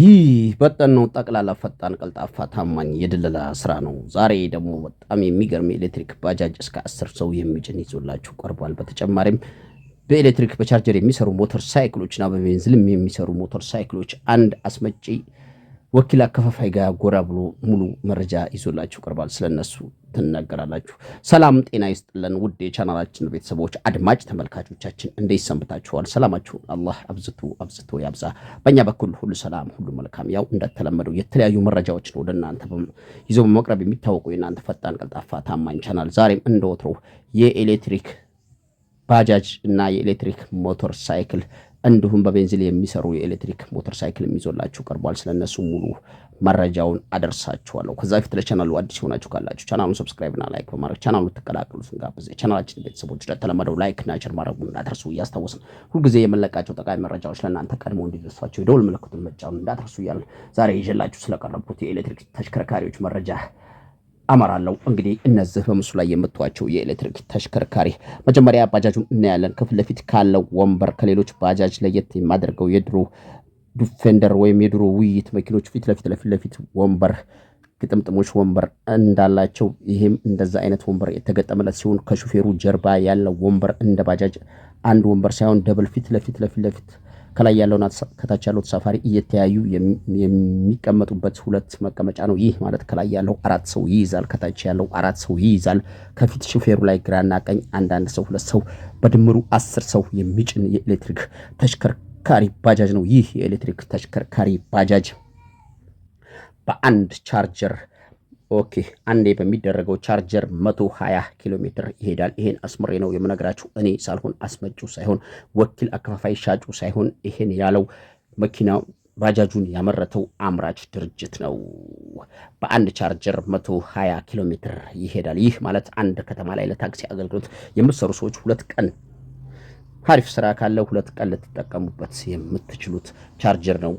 ይህ ነው። ጠቅላላ ፈጣን ቀልጣፋ ታማኝ የድለላ ስራ ነው። ዛሬ ደግሞ በጣም የሚገርም የኤሌክትሪክ ባጃጅ እስከ አስር ሰው የሚጭን ይዞላችሁ ቀርቧል። በተጨማሪም በኤሌክትሪክ በቻርጀር የሚሰሩ ሞተር ሳይክሎች እና በቤንዝልም የሚሰሩ ሞተር ሳይክሎች አንድ አስመጪ ወኪል አከፋፋይ ጋር ጎራ ብሎ ሙሉ መረጃ ይዞላችሁ ቀርባል። ስለነሱ ትናገራላችሁ። ሰላም ጤና ይስጥልን ውድ የቻናላችን ቤተሰቦች አድማጭ ተመልካቾቻችን እንዴት ሰንብታችኋል? ሰላማችሁ አላህ አብዝቶ አብዝቶ ያብዛ። በእኛ በኩል ሁሉ ሰላም፣ ሁሉ መልካም። ያው እንደተለመደው የተለያዩ መረጃዎች ወደ እናንተ ይዞ በመቅረብ የሚታወቁ የእናንተ ፈጣን፣ ቀልጣፋ፣ ታማኝ ቻናል ዛሬም እንደወትሮው የኤሌክትሪክ ባጃጅ እና የኤሌክትሪክ ሞተር ሳይክል እንዲሁም በቤንዚል የሚሰሩ የኤሌክትሪክ ሞተር ሳይክል የሚዞላችሁ ቀርቧል። ስለነሱ ሙሉ መረጃውን አደርሳችኋለሁ። ከዛ በፊት ለቻናሉ አዲስ የሆናችሁ ካላችሁ ቻናሉን ሰብስክራይብና ላይክ በማድረግ ቻናሉ ትቀላቀሉት እንጋብዝ። የቻናላችን ቤተሰቦች ለተለመደው ላይክ እና ሼር ማድረጉን እንዳትረሱ እያስታወስን ሁልጊዜ የምንለቃቸው ጠቃሚ መረጃዎች ለእናንተ ቀድሞ እንዲደርሷቸው የደውል ምልክቱን መጫኑን እንዳትረሱ እያልን ዛሬ ይዤላችሁ ስለቀረብኩት የኤሌክትሪክ ተሽከርካሪዎች መረጃ አመራለሁ። እንግዲህ እነዚህ በምስሉ ላይ የምትዋቸው የኤሌክትሪክ ተሽከርካሪ መጀመሪያ ባጃጁን እናያለን። ከፊት ለፊት ካለው ወንበር ከሌሎች ባጃጅ ለየት የማደርገው የድሮ ዱፌንደር ወይም የድሮ ውይይት መኪኖች ፊት ለፊት ለፊት ለፊት ወንበር ግጥምጥሞች ወንበር እንዳላቸው ይህም እንደዛ አይነት ወንበር የተገጠመለት ሲሆን ከሹፌሩ ጀርባ ያለው ወንበር እንደ ባጃጅ አንድ ወንበር ሳይሆን ደብል ፊት ለፊት ለፊት ለፊት ከላይ ያለውና ከታች ያለው ተሳፋሪ እየተያዩ የሚቀመጡበት ሁለት መቀመጫ ነው። ይህ ማለት ከላይ ያለው አራት ሰው ይይዛል፣ ከታች ያለው አራት ሰው ይይዛል። ከፊት ሹፌሩ ላይ ግራና ቀኝ አንዳንድ ሰው ሁለት ሰው በድምሩ አስር ሰው የሚጭን የኤሌክትሪክ ተሽከርካሪ ባጃጅ ነው። ይህ የኤሌክትሪክ ተሽከርካሪ ባጃጅ በአንድ ቻርጀር ኦኬ አንዴ በሚደረገው ቻርጀር 120 ኪሎ ሜትር ይሄዳል። ይሄን አስምሬ ነው የምነግራችሁ እኔ ሳልሆን አስመጪው ሳይሆን ወኪል አከፋፋይ ሻጩ ሳይሆን ይሄን ያለው መኪና ባጃጁን ያመረተው አምራች ድርጅት ነው። በአንድ ቻርጀር 120 ኪሎ ሜትር ይሄዳል። ይህ ማለት አንድ ከተማ ላይ ለታክሲ አገልግሎት የምትሰሩ ሰዎች ሁለት ቀን ሀሪፍ ስራ ካለ ሁለት ቀን ልትጠቀሙበት የምትችሉት ቻርጀር ነው።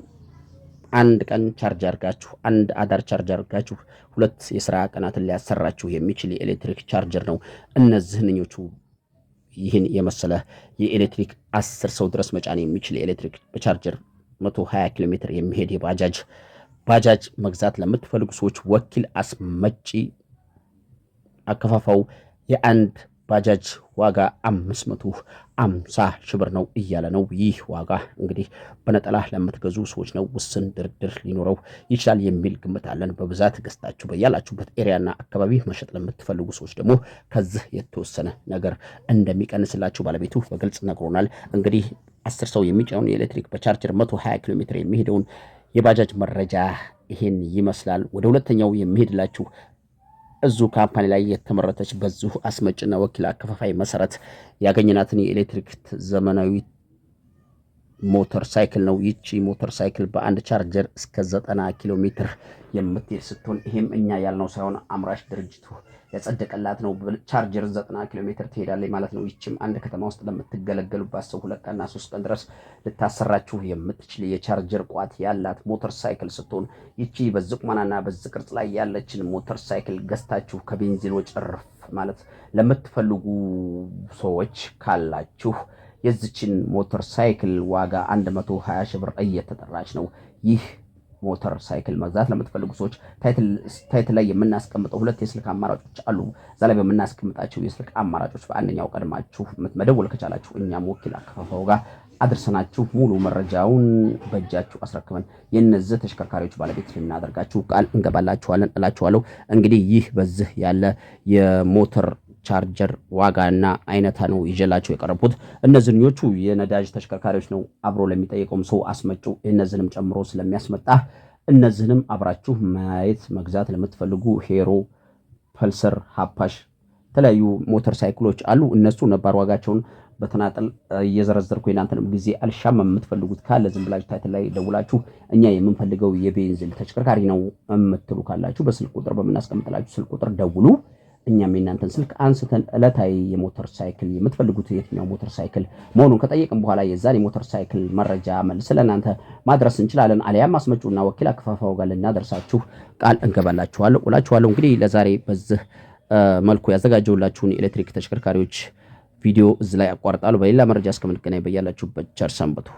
አንድ ቀን ቻርጅ አድርጋችሁ አንድ አዳር ቻርጅ አድርጋችሁ ሁለት የስራ ቀናትን ሊያሰራችሁ የሚችል የኤሌክትሪክ ቻርጀር ነው። እነዚህንኞቹ ይህን የመሰለ የኤሌክትሪክ አስር ሰው ድረስ መጫን የሚችል የኤሌክትሪክ ቻርጀር 120 ኪሎ ሜትር የሚሄድ የባጃጅ ባጃጅ መግዛት ለምትፈልጉ ሰዎች ወኪል አስመጪ አከፋፋው የአንድ ባጃጅ ዋጋ አምስት መቶ አምሳ ሺህ ብር ነው እያለ ነው። ይህ ዋጋ እንግዲህ በነጠላ ለምትገዙ ሰዎች ነው። ውስን ድርድር ሊኖረው ይችላል የሚል ግምት አለን። በብዛት ገዝታችሁ በያላችሁበት ኤሪያና አካባቢ መሸጥ ለምትፈልጉ ሰዎች ደግሞ ከዚህ የተወሰነ ነገር እንደሚቀንስላችሁ ባለቤቱ በግልጽ ነግሮናል። እንግዲህ አስር ሰው የሚጫውን የኤሌክትሪክ በቻርጀር መቶ ሀያ ኪሎ ሜትር የሚሄደውን የባጃጅ መረጃ ይሄን ይመስላል። ወደ ሁለተኛው የሚሄድላችሁ እዙ ካምፓኒ ላይ የተመረተች በዙ አስመጭና ወኪል አከፋፋይ መሰረት ያገኘናትን የኤሌክትሪክ ዘመናዊ ሞተር ሳይክል ነው። ይቺ ሞተር ሳይክል በአንድ ቻርጀር እስከ ዘጠና ኪሎ ሜትር የምትሄድ ስትሆን ይሄም እኛ ያልነው ሳይሆን አምራች ድርጅቱ ያጸደቀላት ነው። ቻርጀር ዘጠና ኪሎ ሜትር ትሄዳለች ማለት ነው። ይችም አንድ ከተማ ውስጥ ለምትገለገሉባት ሰው ሁለት ቀንና ሶስት ቀን ድረስ ልታሰራችሁ የምትችል የቻርጀር ቋት ያላት ሞተር ሳይክል ስትሆን ይቺ በዚህ በዝቅርጽ ላይ ያለችን ሞተር ሳይክል ገዝታችሁ ከቤንዚን ወጭ ማለት ለምትፈልጉ ሰዎች ካላችሁ የዚችን ሞተር ሳይክል ዋጋ 120 ሺህ ብር እየተጠራች ነው። ይህ ሞተር ሳይክል መግዛት ለምትፈልጉ ሰዎች ታይትል ላይ የምናስቀምጠው ሁለት የስልክ አማራጮች አሉ። እዛ ላይ በምናስቀምጣቸው የስልክ አማራጮች በአንደኛው ቀድማችሁ መደወል ከቻላችሁ እኛም ወኪል አከፋፋው ጋር አድርሰናችሁ ሙሉ መረጃውን በእጃችሁ አስረክበን የነዚህ ተሽከርካሪዎች ባለቤት ልናደርጋችሁ ቃል እንገባላችኋለን እላችኋለሁ። እንግዲህ ይህ በዚህ ያለ የሞተር ቻርጀር ዋጋና አይነታ ነው ይዤላቸው የቀረብኩት። እነዚህኞቹ የነዳጅ ተሽከርካሪዎች ነው። አብሮ ለሚጠይቀውም ሰው አስመጩ እነዚህንም ጨምሮ ስለሚያስመጣ እነዚህንም አብራችሁ ማየት መግዛት ለምትፈልጉ ሄሮ፣ ፐልሰር፣ ሀፓሽ የተለያዩ ሞተር ሳይክሎች አሉ። እነሱ ነባር ዋጋቸውን በተናጠል እየዘረዘርኩ የናንተንም ጊዜ አልሻም። የምትፈልጉት ካለ ዝም ብላችሁ ታይትል ላይ ደውላችሁ እኛ የምንፈልገው የቤንዚን ተሽከርካሪ ነው የምትሉ ካላችሁ በስልክ ቁጥር በምናስቀምጥላችሁ ስልክ ቁጥር ደውሉ። እኛም የእናንተን ስልክ አንስተን ዕለታዊ የሞተር ሳይክል የምትፈልጉት የትኛው ሞተር ሳይክል መሆኑን ከጠየቅን በኋላ የዛን የሞተር ሳይክል መረጃ መልስ ለእናንተ ማድረስ እንችላለን። አሊያም አስመጪውና ወኪል አከፋፋው ጋር ልናደርሳችሁ ቃል እንገባላችኋለሁ። ውላችኋለሁ። እንግዲህ ለዛሬ በዚህ መልኩ ያዘጋጀውላችሁን የኤሌክትሪክ ተሽከርካሪዎች ቪዲዮ እዚህ ላይ ያቋርጣሉ። በሌላ መረጃ እስከምንገናኝ በያላችሁበት ቸር ሰንብቱ።